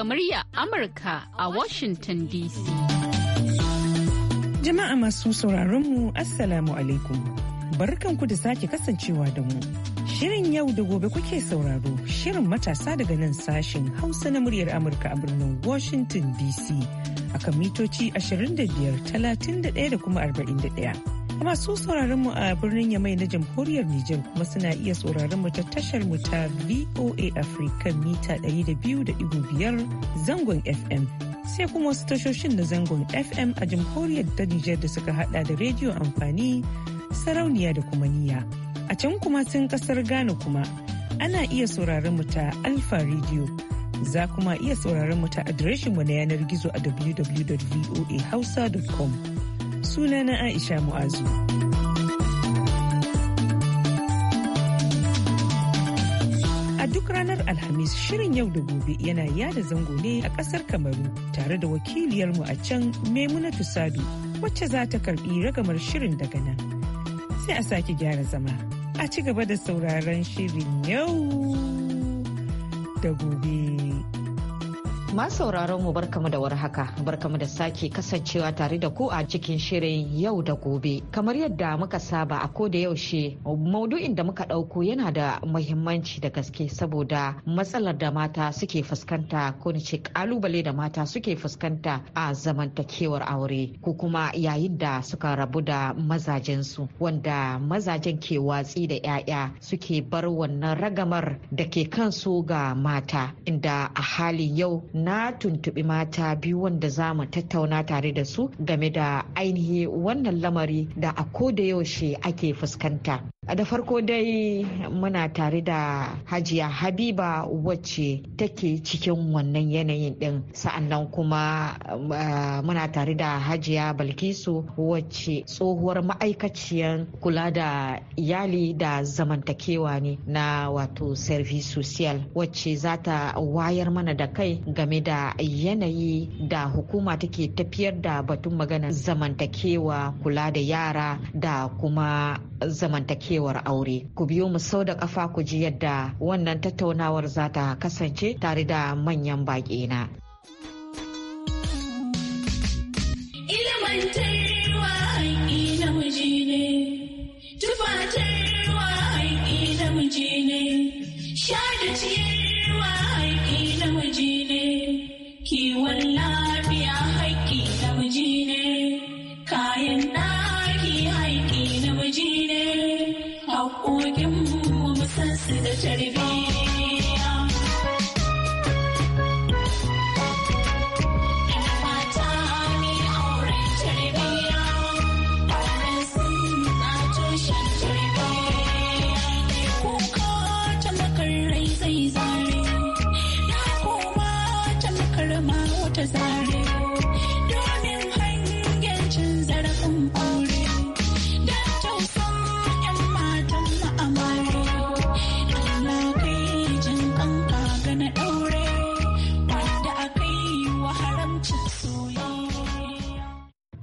daga murya Amurka a Washington DC. Jama'a masu sauraron mu Assalamu alaikum. Barkanku da sake kasancewa da mu. Shirin yau da gobe kuke sauraro shirin matasa daga nan sashen Hausa na muryar Amurka a birnin Washington DC a kan mitoci 25, 31 da kuma 41. masu sauraron mu a birnin yamai na jamhuriyar Nijar kuma suna iya sauraron mu ta tashar mu ta VOA Africa mita 200.5 zangon FM. Sai kuma wasu tashoshin na zangon FM a jamhuriyar ta Nijar da suka hada da rediyo amfani sarauniya da kuma niya. A can kuma sun kasar Ghana kuma ana iya sauraron mu ta Alfa Radio. Za kuma iya sauraron mu ta adireshin mu na yanar gizo a www.voahausa.com. sunana Aisha Mu'azu. A duk ranar Alhamis shirin yau da gobe yana yada zango ne a ƙasar Kamaru tare da wakiliyarmu a can Maimunatu Sadu wacce za ta karbi ragamar shirin daga nan. Sai a sake gyara zama a ci gaba da sauraron shirin yau da gobe. sauraron mu barkamu da warhaka barkamu da sake kasancewa tare da ku a cikin shirin yau da gobe kamar yadda muka saba a ko da yaushe maudu'in da muka ɗauko yana da muhimmanci da gaske saboda matsalar da mata suke fuskanta ko ni ce kalubale da mata suke fuskanta a zamantakewar aure ko kuma yayin da suka rabu da mazajensu wanda mazajen ke watsi da 'ya'ya suke bar wannan ragamar da ke kansu ga mata inda a halin yau na tuntuɓi mata biyu wanda za mu tattauna tare da su game da ainihi wannan lamari da a ko da yaushe ake fuskanta. da farko dai muna tare da hajiya habiba wacce take cikin wannan yanayin din sa'annan kuma eh, muna tare da hajiya balkisu wacce tsohuwar ma'aikaciyar kula da iyali da zamantakewa ne na wato service social wacce za ta wayar mana da kai game da yanayi da hukuma take tafiyar da batun magana. zamantakewa kula da yara da kuma zamantakewa zamantakewar aure. Ku biyo mu sau da kafa ku ji yadda wannan tattaunawar za ta kasance tare da manyan baƙi na. shine, haƙi namiji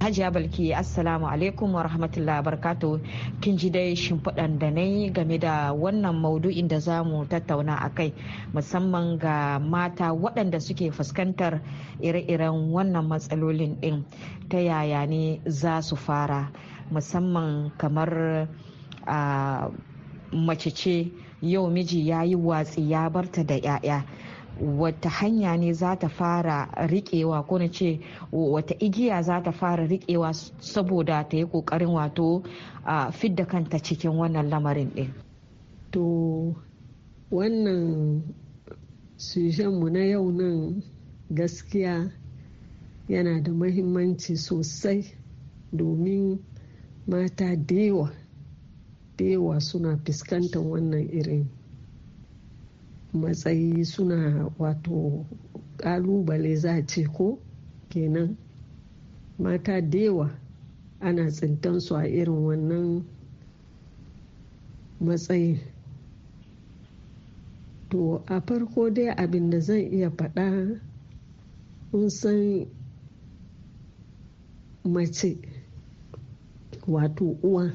hajiya balki assalamu alaikum wa rahmatullahi barkatu kin ji dai shimfiɗan da na yi game da wannan maudu'in da za mu tattauna a kai musamman ga mata waɗanda suke fuskantar ire-iren wannan matsalolin ɗin ta yaya ne za su fara musamman kamar ah, mace ce yau miji ya yi watsi ya barta da 'ya'ya wata hanya ne za ta fara riƙewa ko na ce wata igiya za ta fara riƙewa saboda ta yi ƙoƙarin wato fidda kanta cikin wannan lamarin ɗin. To wannan mu na yau nan gaskiya yana da mahimmanci sosai domin mata dewa dewa suna fuskantar wannan irin matsayi suna wato kalubale za a ce ko kenan mata da yawa ana tsintan su a irin wannan matsayi to a farko dai abin da zan iya faɗa kun san mace wato uwa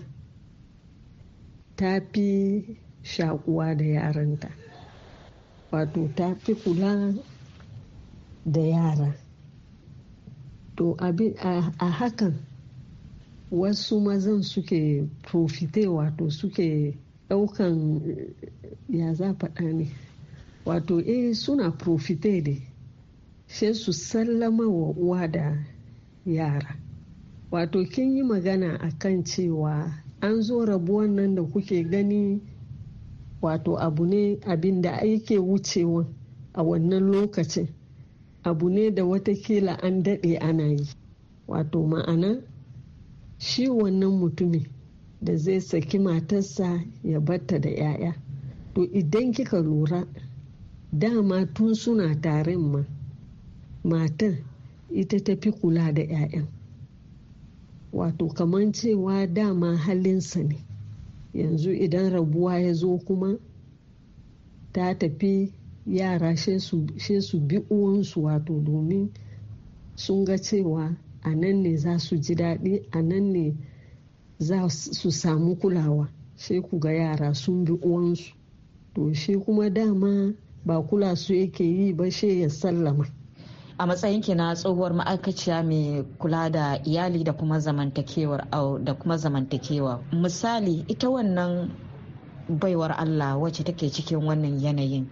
ta fi shakuwa da yaranta wato ta fi kula da yara to a hakan wasu mazan suke profite wato suke daukan ya za faɗa ne wato eh suna profite ne sai su sallama wa uwa da yara wato kin yi magana a kan cewa an zo rabuwan nan da kuke gani wato abu ne abin da ake wucewa a wannan lokacin abu ne da watakila an daɗe ana yi wato ma'ana shi wannan mutumin da zai saki matarsa ya batta da 'ya'ya to idan kika lura dama tun suna tarin ma matan ita ta fi kula da 'ya'yan wato kamar cewa dama halinsa ne yanzu idan rabuwa ya zo kuma ta tafi yara she su bi uwansu wato domin sun ga cewa a nan ne za su ji daɗi a nan ne za su samu kulawa sai ku ga yara sun bi uwansu to shi kuma dama ba kula su yake yi ba she ya sallama a matsayin ki na tsohuwar ma'aikaciya mai kula da iyali da kuma zamantakewar da kuma zamantakewa misali ita wannan baiwar Allah wacce take cikin wannan yanayin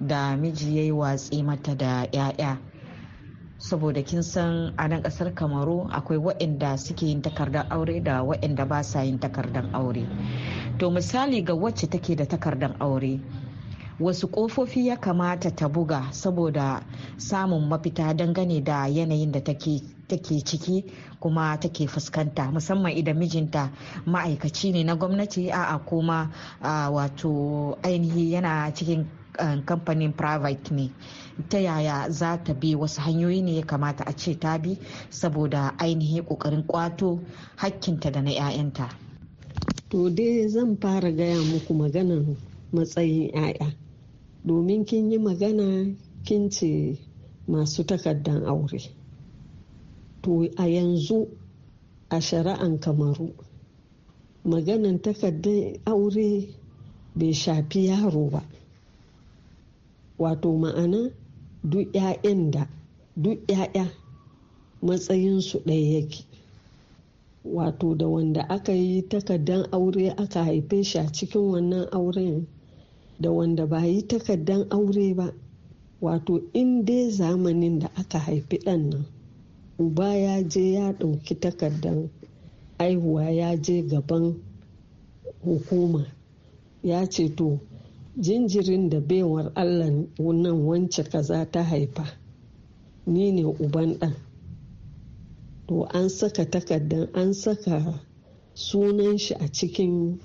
da miji ya yi watsi mata da 'ya'ya saboda kin san a nan kasar kamaru akwai waɗanda suke yin takardar aure da waɗanda ba sa yin takardar aure to misali ga wacce take da takardar aure wasu kofofi ya kamata ta buga saboda samun mafita dangane da yanayin da take ciki kuma take fuskanta musamman idan mijinta ma'aikaci ne na gwamnati a'a kuma wato ainihi yana cikin kamfanin private ne ta yaya za ta bi wasu hanyoyi ne ya kamata a ce ta bi saboda ainihi kokarin kwato hakkinta da na 'ya'yanta to dai zan fara gaya muku maganan matsayin 'ya'ya domin kin yi magana kin ce masu takardan aure to a yanzu a shari'an kamaru maganan takardan aure bai shafi yaro ba wato ma'ana duk 'ya'yan da duk 'ya'ya matsayinsu ɗaya yake wato da wanda aka yi takardan aure aka haife shi a cikin wannan auren da wanda ba yi takardan aure ba wato in dai zamanin da aka haifi ɗan nan uba ya je ya ɗauki takardan aihuwa ya je gaban hukuma ya ce to jinjirin da baiwar allah nan wance kaza ta haifa ni ne uban ɗan to an saka takardan an saka sunan shi a cikin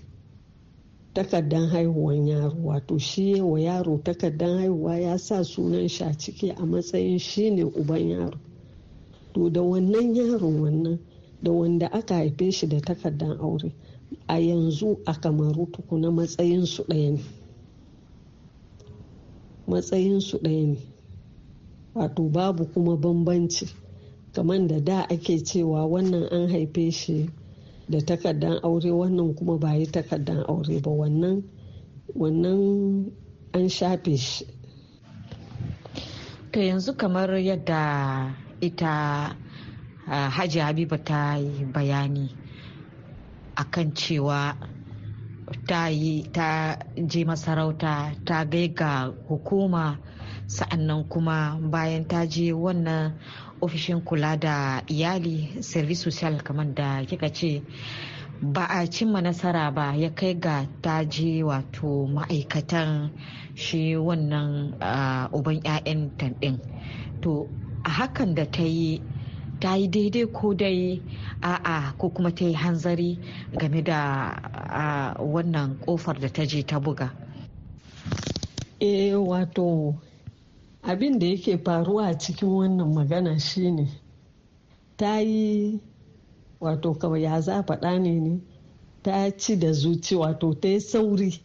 takardan haihuwan yaro wato shi wa yaro takardan haihuwa ya sa sunan shi a ciki a matsayin shi ne uban yaro to da wannan yaro wannan da wanda aka haife shi da takardan aure a yanzu a kamaru tukuna matsayin su ɗaya ne matsayin su ɗaya ne wato babu kuma bambanci kamar da da ake cewa wannan an haife shi da takardan aure wannan kuma ba yi takardan aure ba wannan wannan an shafe shi ta yanzu kamar yadda ita haji hajji habiba ta yi bayani akan cewa ta yi ta je masarauta ta gai ga hukuma sa'annan kuma bayan ta je wannan ofishin kula da iyali service social kamar da kika ce ba a cimma nasara ba ya kai ga taji wato ma'aikatan shi wannan uban 'ya'yan ɗin to a hakan da ta yi ta yi daidai ko dai a'a ko kuma ta yi hanzari game da wannan kofar da ta je ta buga e wato abin da yake faruwa a cikin wannan magana shine ta yi wato kawai ya za faɗa ne ne ta ci da zuci wato ta yi sauri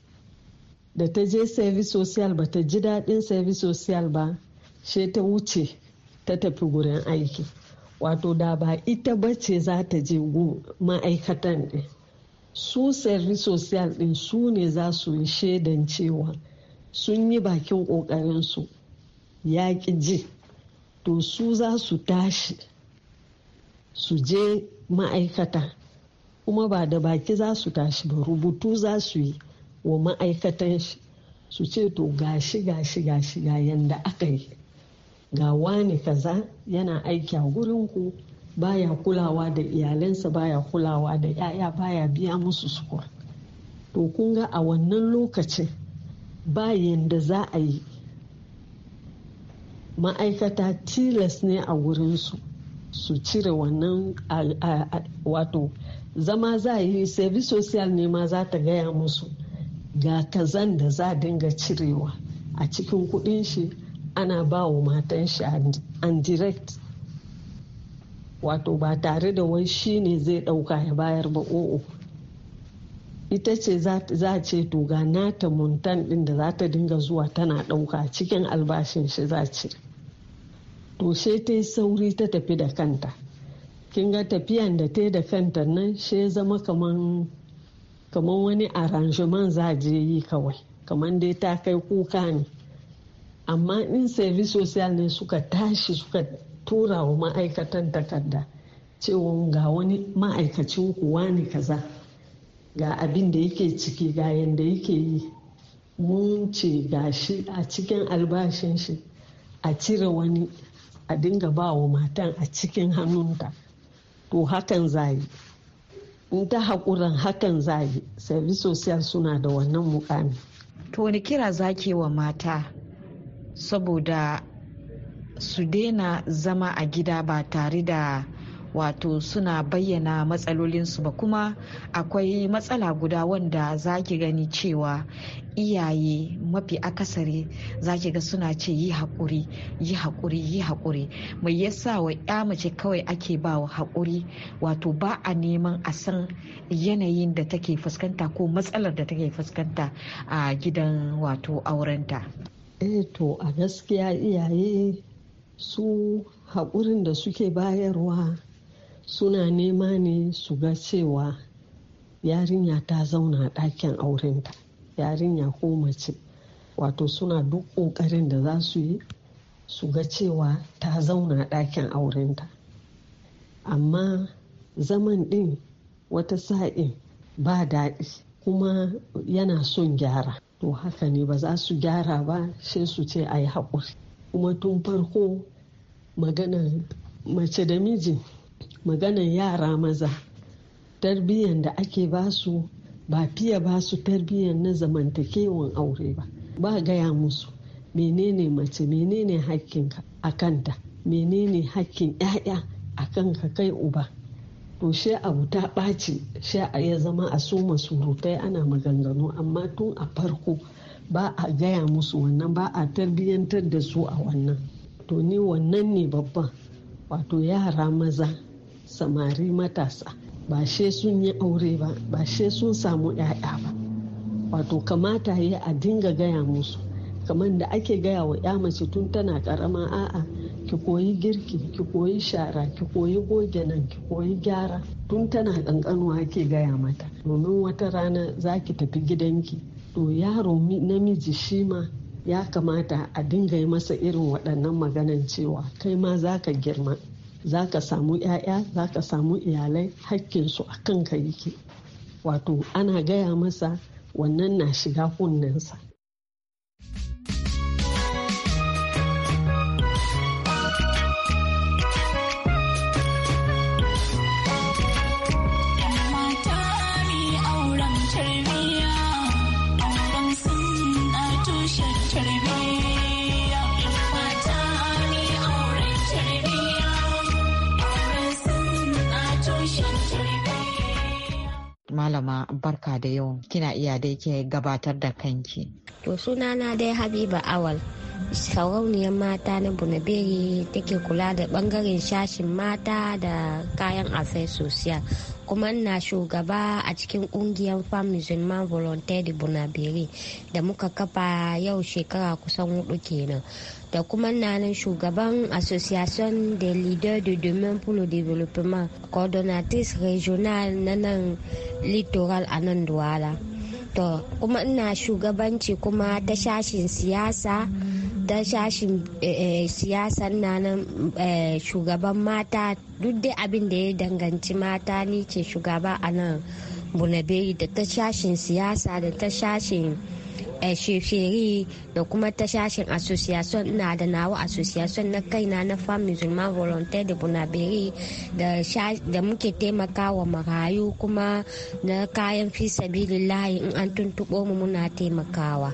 da ta je service social ba ta ji daɗin service social ba she ta wuce ta tafi gurin aiki wato da ba ita ba ce za ta je ma'aikatan ɗin su service social ɗin su ne za su yi shaidan cewa sun yi bakin ƙoƙarinsu ya ƙi ji to su za su tashi su je ma'aikata kuma ba da baki za su tashi ba rubutu za su yi wa ma'aikatan shi su ce to gashi gashi gashi ga yanda aka yi ga wani kaza yana aiki a gurinku baya kulawa da iyalansa baya kulawa da 'ya'ya baya biya musu sukur to kun ga a wannan lokacin ba yanda za a yi ma'aikata tilas ne a wurinsu su cire wannan wato zama za yi service social ne ma za ta gaya musu ga kazan da za dinga cirewa a cikin kudin shi ana ba wa matan shi an direct wato ba tare da wai shi ne zai dauka ya bayar ba o'o oh, oh. ita ce za a ce to ga nata muntan din da za ta dinga zuwa tana dauka cikin albashin shi za ce to sai ta yi sauri ta tafi da kanta kin ga tafiyan da ta yi da kanta nan sai zama kaman wani arrangement za je yi kawai kaman dai ta kai kuka ne amma in service social ne suka tashi suka tura wa ma'aikatan takarda cewa ga wani ma'aikacin kuwa ne kaza ga abin da yake ciki ga yadda yake yi mun ce ga a cikin albashin shi a cire wani a dinga ba wa matan a cikin hannunta to hakan zai in ta haƙuran hakan zai service social suna da wannan mukami to wani kira zake wa mata saboda su daina zama a gida ba tare da wato suna bayyana matsalolinsu ba kuma akwai matsala guda wanda za ki gani cewa iyaye mafi akasari za ki ga suna ce yi haƙuri yi haƙuri yi haƙuri mai yasa wa ya mace kawai ake ba wa haƙuri wato ba a neman a san yanayin da take fuskanta ko matsalar da take fuskanta a gidan wato aurenta eh to a gaskiya iyaye su haƙurin da suke bayarwa suna nema ne su ga cewa yarinya ta zauna ɗakin aurenta yarinya ko mace wato suna duk ƙoƙarin da za su yi su ga cewa ta zauna ɗakin aurenta amma zaman ɗin wata sa'in ba daɗi kuma yana son gyara to haka ne ba za su gyara ba sai su ce a yi haƙuri kuma tun farko maganar mace da miji maganan yara maza tarbiyyar da ake basu ba fiye basu tarbiyyar na zamantakewan aure ba ba gaya musu menene mace menene hakkin a kanta menene hakkin 'ya'ya a kanka kai uba to she abu ta ɓaci she a ya zama a soma surutai ana maganganu amma tun a farko ba a gaya musu wannan ba a tarbiyyantar da su a wannan to ni wannan ne babban wato yara maza samari matasa ba she sun yi aure ba ba she sun samu 'ya'ya ba wato kamata ya a dinga gaya musu kamar da ake gaya wa 'ya mace tun tana karama a'a ki koyi girki ki koyi shara ki koyi goge nan ki koyi gyara tun tana kankanuwa ake gaya mata domin wata rana za ki tafi gidanki to yaro namiji shi ma ya kamata a dinga yi masa irin waɗannan maganan cewa kai ma za ka girma za ka samu 'ya'ya za ka samu iyalai hakkinsu a kanka yake wato ana gaya masa wannan na shiga kunnensa malama barka da yau kina iya dai ke gabatar da kanki. To sunana dai Habiba Awal. sarauniyar mata na bunabiri take kula da bangaren shashin mata da kayan afai sosiya kuma na shugaba a cikin kungiyar fam musulman volunteer de bonabere da muka kafa yau shekara kusan hudu kenan da kuma nanin shugaban association de leaders de domain pour le développement coordonnatrice régionale na nan littoral a nan duwala kuma ina shugabanci kuma ta shashin siyasa mm -hmm. da shashin eh, eh, siyasan na eh, shugaban mata duk dai abin da ya danganci mata ni ce shugaba a nan bunaberi da ta shashin siyasa da ta shashin da kuma ta shashin association ina da nawa association na kaina na fam musulman volunteer da bunaberi da muke taimaka wa marayu kuma na kayan fi sabilillahi in an tuntuɓo mu muna taimakawa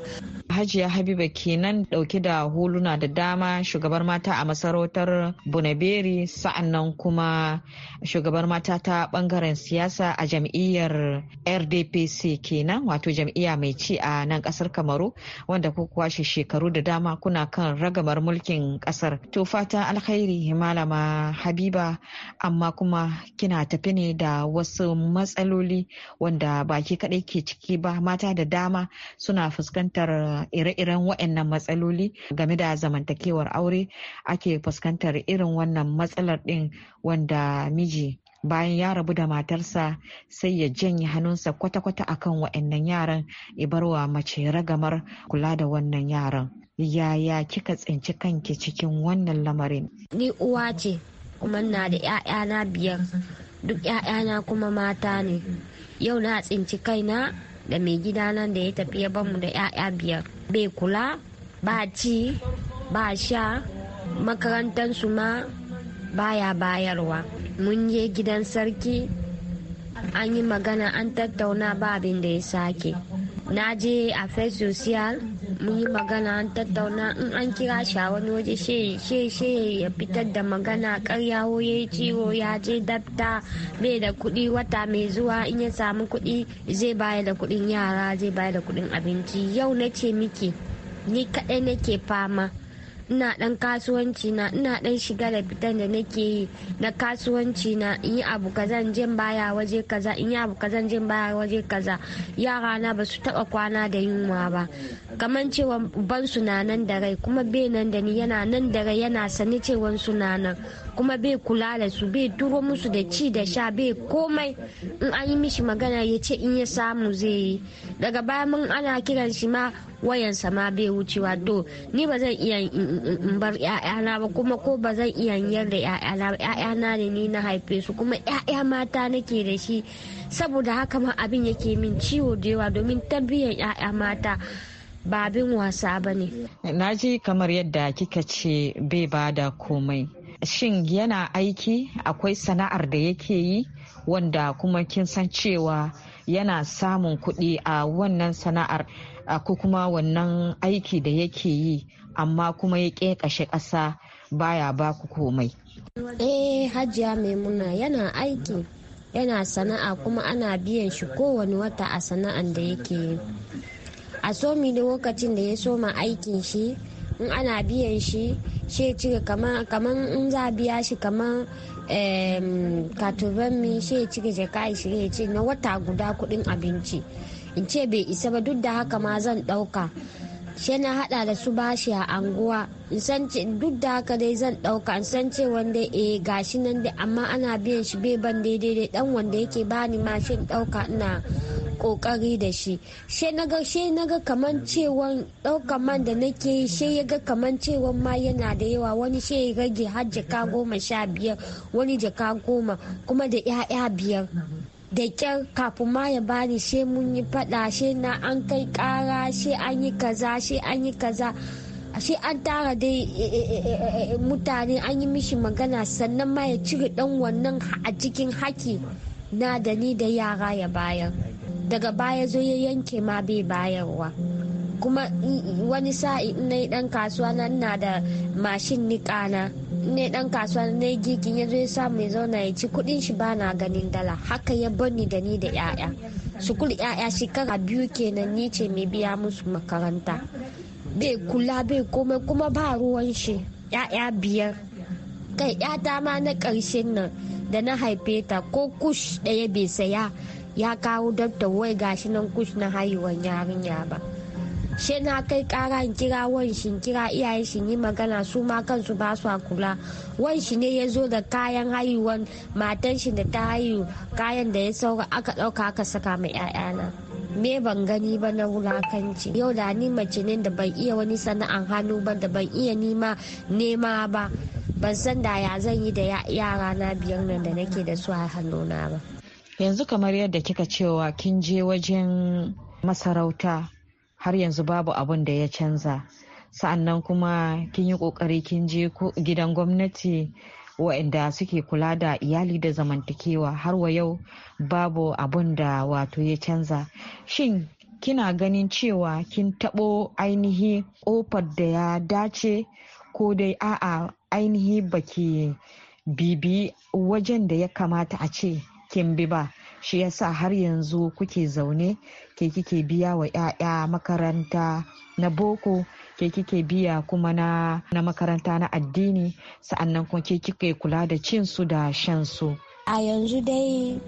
hajiya habiba kenan dauke da huluna da dama shugabar mata a masarautar bunaberi sa'annan kuma shugabar mata ta bangaren siyasa a jam'iyyar rdpc kenan wato jam'iyya mai ci a nan ƙasar kamaru wanda ku kwashe shekaru da dama kuna kan ragamar mulkin ƙasar. to fata alkhairi malama habiba amma kuma kina tafi ne da wasu matsaloli wanda baki kadai ke ciki ba mata da dama suna fuskantar ire-iren waɗannan matsaloli game da zamantakewar aure ake fuskantar irin wannan matsalar ɗin wanda miji bayan ya rabu da matarsa sai ya janye hannunsa kwata-kwata akan waɗannan yaran ibarwa mace ragamar kula da wannan yaran yaya kika tsinci kanki cikin wannan lamarin ni uwa ce kuma na da 'ya'yana biyar duk 'ya'yana kuma mata ne yau na tsinci kaina da mai gida nan da ya tafi ya bamu da 'ya'ya biyar bai kula ba ci ba sha makarantar su ma baya bayarwa mun je gidan sarki an yi magana an tattauna ba abin da ya sake na je a social mun yi magana an tattauna in an kira shi a wani waje she ya fitar da magana karya ya ciwo ya je dabta bai da kuɗi wata mai zuwa in ya samu kuɗi zai baya da kuɗin yara zai baya da kuɗin abinci yau na ce miki ni kaɗai nake fama ina dan kasuwanci na ina dan shiga da fitan da nake yi na kasuwanci na yi abu kaza in jin baya waje kaza in yi abu kaza in jin baya waje kaza yara na ba su taba kwana da yunwa ba kaman cewa ban su na nan da rai kuma be nan da ni yana nan da rai yana sani cewa su nan kuma bai kula da su bai turo musu da ci da sha bai komai in an yi mishi magana ya ce in ya samu zai yi daga baya mun ana kiran shi ma wayansa ma bai wucewa to ni ba zan iya in bar ƴaƴana ba kuma ko ba zan iya yar da ƴaƴana ba ƴaƴana ne ni na haife su kuma ƴaƴa mata nake da shi saboda haka ma abin yake min ciwo da yawa domin tarbiyyar ƴaƴa mata ba abin wasa ba ne. Na ji kamar yadda kika ce bai bada komai. shin yana aiki akwai sana'ar da yake yi wanda kuma kin san cewa yana samun kuɗi a wannan sana'ar ko kuma wannan aiki da yake yi amma kuma ya ƙashe ƙasa baya ba ku komai. Eh hajiya maimuna yana aiki yana sana'a kuma ana biyan shi kowane wata a sana'an da yake yi. A somi da lokacin da ya soma aikin shi in ana biyan shi shi cire kaman in za biya shi kaman katoban mi shi cire jaka ishirin ya ce na wata guda kudin abinci in ce bai isa ba duk da haka ma zan dauka shi na hada da su bashi a anguwa in san duk da haka dai zan dauka in san ce wanda eh gashi nan dai amma ana biyan shi bai ban daidai dan wanda yake bani mashin dauka ina kokari da shi ga shi na ga kaman cewan ɗaukar man da nake yi ya ga kaman cewan ma yana da yawa wani shi ya rage har jaka goma sha biyar wani jaka goma kuma da 'ya'ya biyar da kyar kafin ma ya bani shi mun yi fada shi na an kai kara shi an yi kaza shi an yi kaza shi an tara dai eh, eh, eh, mutane an yi mishi magana sannan ma ya cire dan wannan a cikin haki na da ni da yara ya bayan. daga baya zo ya yanke ma bai bayarwa kuma wani sa'i na dan kasuwa na ina da mashin niƙa na ne dan kasuwa na gigin ya zo ya samu ya zauna ya ci kudin shi ba na ganin dala haka ya bani da ni da yaya sukul yaya shekara biyu kenan ni ce mai biya musu makaranta bai kula bai komai kuma ba ruwan shi yaya biyar kai yata ma na ƙarshen nan da na haife ta ko kush ɗaya bai saya ya kawo dabta wai gashi nan kus na haihuwan yarinya ba shi na kai kara in kira wanshin kira iyaye shi yi magana su ma kansu ba su kula wanshi ne ya zo da kayan haihuwan matan shi da ta haihu kayan da ya saura aka dauka aka saka ma 'ya'yana me ban gani ba na wulakanci yau da ni mace ne da ban iya wani sana'an hannu ba da ban iya nima nema ba ban san da ya zan yi da yara na biyar nan da nake da su a hannuna ba yanzu kamar yadda kika cewa kin je wajen masarauta har yanzu babu abun da ya canza sa'annan kuma kin yi kokari kin je gidan gwamnati waɗanda suke kula da iyali da zamantakewa har wa yau babu abun da wato ya canza shin kina ganin cewa kin taɓo ainihi ƙofar da ya dace ko dai a'a ainihi baki bibi wajen da ya kamata a ce kin bi ba shi yasa har yanzu kuke zaune ke kike biya wa 'ya'ya makaranta na boko ke kike biya kuma na, makaranta na addini sa'annan kuma ke kike kula da cin su da shan su a yanzu dai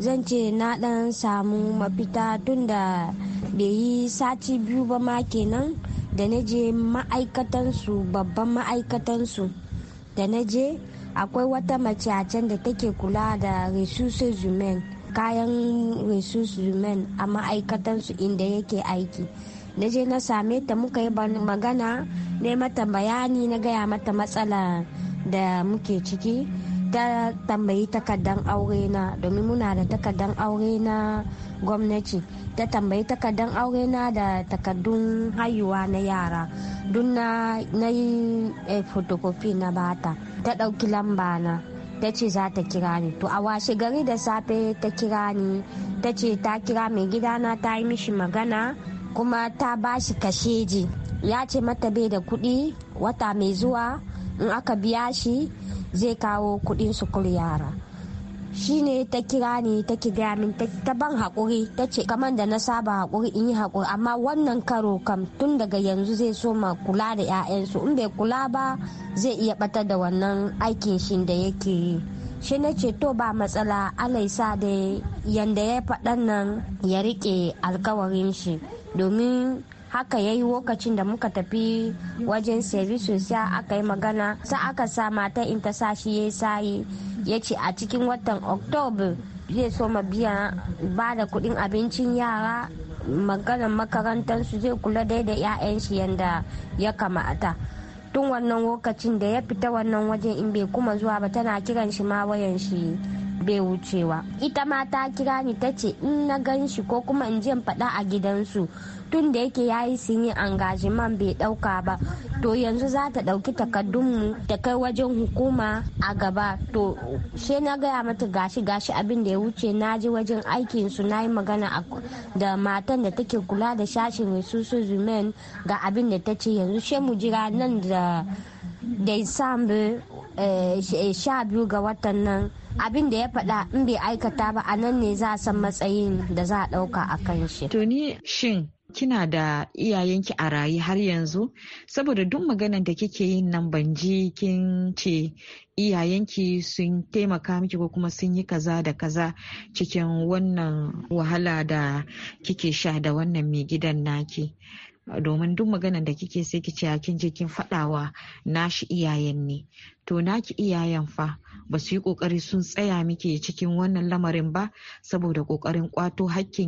zan ce na dan samu mafita tun da bai yi sati biyu ba ma kenan da na je ma'aikatansu babban ma'aikatansu da na je akwai wata mace a can da take kula da resources zumen kayan resources zumen a ma'aikatansu inda yake aiki na je na same ta muka yi magana ne mata bayani na gaya mata matsala da muke ciki ta tambayi takardan aure na domin muna da takardan aure na gwamnati ta tambayi takardan aure na da takardun haihuwa na yara duk na yi fotokofi eh, na bata ta ɗauki lamba na ta ce za ta kira ni to a washe gari da safe ta kira ni ta ce ta kira mai gidana ta yi mishi magana kuma ta ba shi kasheji ya ce mata bai da kuɗi wata mai zuwa in aka biya shi zai kawo kuɗin sukur yara shine ta kira ni ta kira min ta ban hakuri ta ce kamar da na saba hakuri in yi hakuri amma wannan karo kam tun daga yanzu zai so ma kula da 'ya'yansu in bai kula ba zai iya ɓatar da wannan aikin shi da yake yi shi na ce to ba matsala alaisa da yanda ya faɗan nan ya riƙe alkawarin shi domin haka ya yi lokacin da muka tafi wajen service sai aka yi magana sa aka sa mata in ta sashi ya sayi ya ce a cikin watan oktoba zai so ma biya ba da kudin abincin yara maganar makarantarsu zai kula dai da 'ya'yan shi yadda ya kamata tun wannan lokacin da ya fita wannan wajen in bai kuma zuwa ba tana kiran shi ma wayan shi bai wucewa ita ma ta kira ni ta ce in na gan shi ko kuma in je faɗa a gidansu tun da yake ya yi sun yi angajiman bai ɗauka ba to yanzu za ta ɗauki takardunmu ta kai wajen hukuma a gaba to she na gaya mata gashi gashi abin da ya wuce na ji wajen aikin su na yi magana da matan da take kula da shashin resources women ga abin da ta ce yanzu she mu jira nan da Desambu eh, eh, sha biyu ga watan nan abin da ya faɗa in bai aikata ba a nan ne za a san matsayin da za a ɗauka a kan shi. To ni shin kina da iyayenki a rayu har yanzu saboda duk maganar da kike yin nan ban ji kin ce iyayenki sun taimaka miki ko kuma sun yi kaza da kaza cikin wannan wahala da kike sha da wannan mai gidan naki domin duk maganan da kike sai kice kin je kin fadawa nashi iyayen ne to naki iyayen fa ba su yi kokari sun tsaya miki cikin wannan lamarin ba saboda kokarin kwato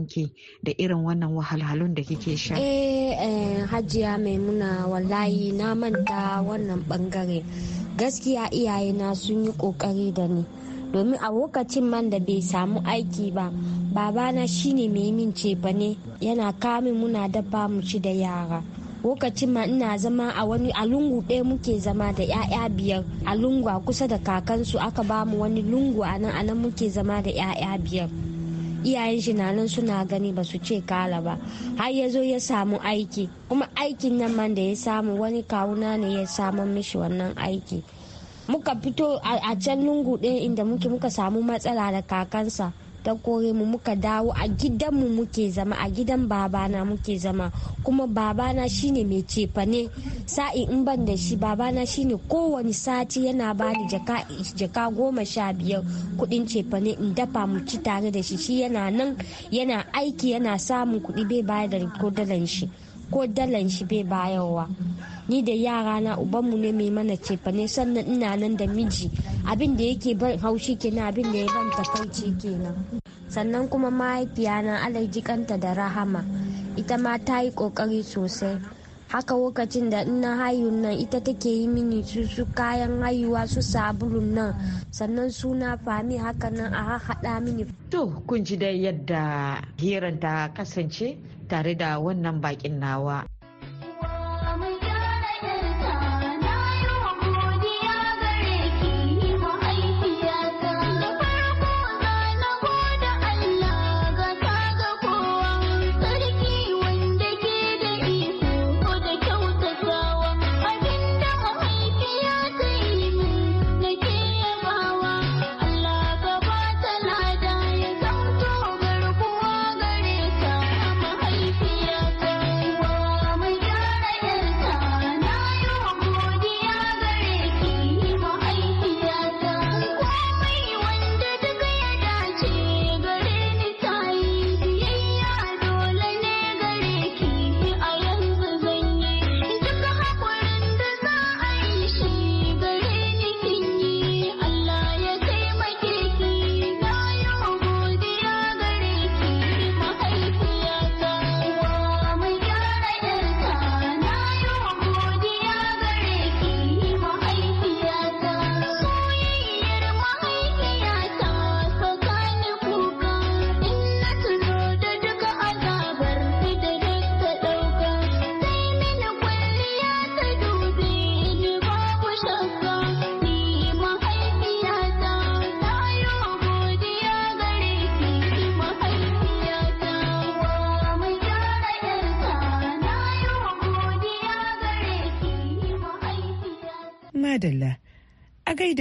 ki da irin wannan wahalhalun da kike sha eh, eh hajiya maimuna wallahi na manta wannan bangare gaskiya iyayena sun yi kokari da ni domin a lokacin man da bai samu aiki ba babana shine mai min ne yana kamin muna dabba mu ci da yara lokacin ma ina zama a wani a lungu ɗaya muke zama da 'ya'ya biyar a lungu a kusa da kakansu aka ba mu wani lungu a nan a nan muke zama da 'ya'ya biyar iyayen shi na nan suna gani ba su ce kala ba har ya zo ya samu aiki kuma aikin nan man da ya samu wani kawuna ne ya samu mishi wannan aiki muka fito a can lungu ɗaya inda muke muka samu matsala da kakansa ta kore mu muka dawo a gidan mu muke zama a gidan babana muke zama kuma babana shine mai cefane sa'i in ban da shi babana shine kowane sati yana bani jaka goma sha biyar kudin cefane in dafa mu ci tare da shi shi yana nan yana aiki yana samun kuɗi bai bayar da ko shi ko dalan shi bai bayarwa ni da yara na ubanmu ne mai mana cefane sannan ina nan da miji abin da yake ban haushi kenan abin da ya ban takaici kenan sannan kuma mahaifiya na alaji kanta da rahama ita ma ta yi kokari sosai haka lokacin da ina hayu nan ita take yi mini su kayan hayuwa su sabulun nan sannan suna fami haka nan a haɗa mini to kun ji dai yadda hiran ta kasance tare da wannan bakin nawa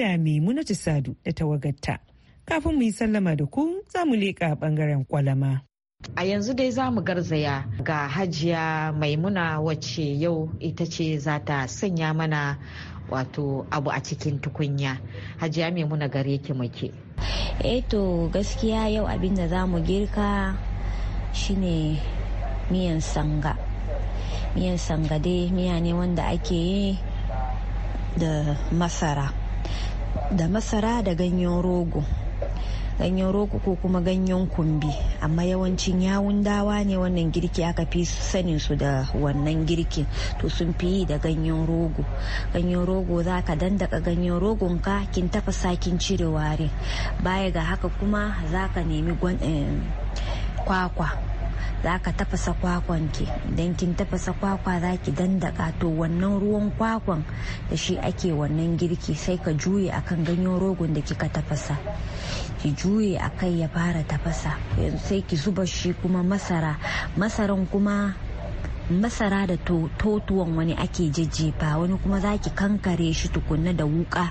da Maimunatu Sadu da tawagarta. Kafin mu yi sallama da ku za mu leƙa ɓangaren kwalama. A yanzu dai za mu garzaya ga hajiya maimuna wacce yau ita ce za ta sanya mana wato abu a cikin tukunya. Hajiya maimuna gare ki muke. Eto eh gaskiya yau abin da za mu girka shine miyan sanga. Miyan sanga dai miya ne wanda ake yi da masara. da masara da ganyen rogo ganyen rogo ko kuma ganyen kumbi amma yawancin yawun dawa ne wannan girki aka fi sanin su da wannan girki to sun fi yi da ganyen rogo ganyen rogo za ka dandaka ganyen rogon ka kin tafasa kin cire ware baya ga haka kuma za ka nemi eh, kwakwa za ka tafasa kwakwan ki idan kin tafasa kwakwa za ki dandaka to wannan ruwan kwakwan da shi ake wannan girki sai ka juye akan ganyen rogon da kika tafasa ki juye akai ya fara tafasa yanzu sai ki zuba shi kuma masara masaran kuma masara da totuwan wani ake jejjefa wani kuma zaki kankare shi tukunna da wuka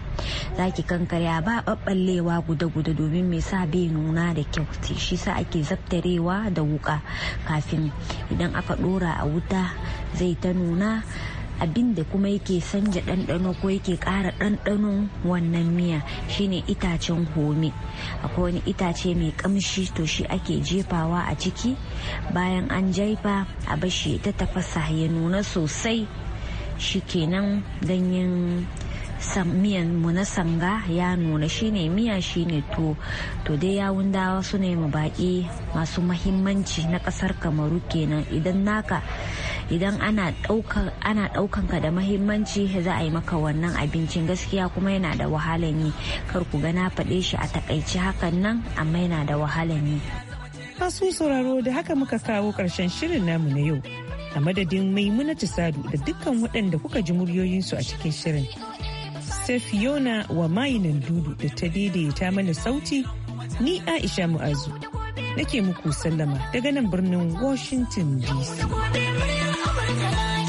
zaki kankare a ba ɓaɓɓallewa guda-guda domin mai sa bai nuna da kyau shi sa ake zaftarewa da wuka kafin idan aka ɗora a wuta zai ta nuna abin da kuma yake sanja ɗanɗano ko yake ƙara ɗanɗanon wannan miya shine itacen home akwai wani itace mai ƙamshi to shi ake jefawa a ciki bayan an jaifa a bashi ta tafasa ya nuna sosai shi kenan ganyen miyan mu na sanga ya nuna shine miya shine to to dai yawun dawa su ne mu baki masu mahimmanci na kasar kamaru kenan idan naka idan ana ɗaukan ka da mahimmanci za a yi maka wannan abincin gaskiya kuma yana da wahalan yi kar ku gana faɗe shi a takaici hakan nan amma yana da wahalan yi masu sauraro da haka muka kawo ƙarshen shirin namu na yau a madadin maimunatu sadu da dukkan waɗanda kuka ji muryoyinsu a cikin shirin sefiona wa mayinan dudu da ta daidaita mana sauti ni aisha mu'azu nake muku sallama daga nan birnin washington dc Thank you.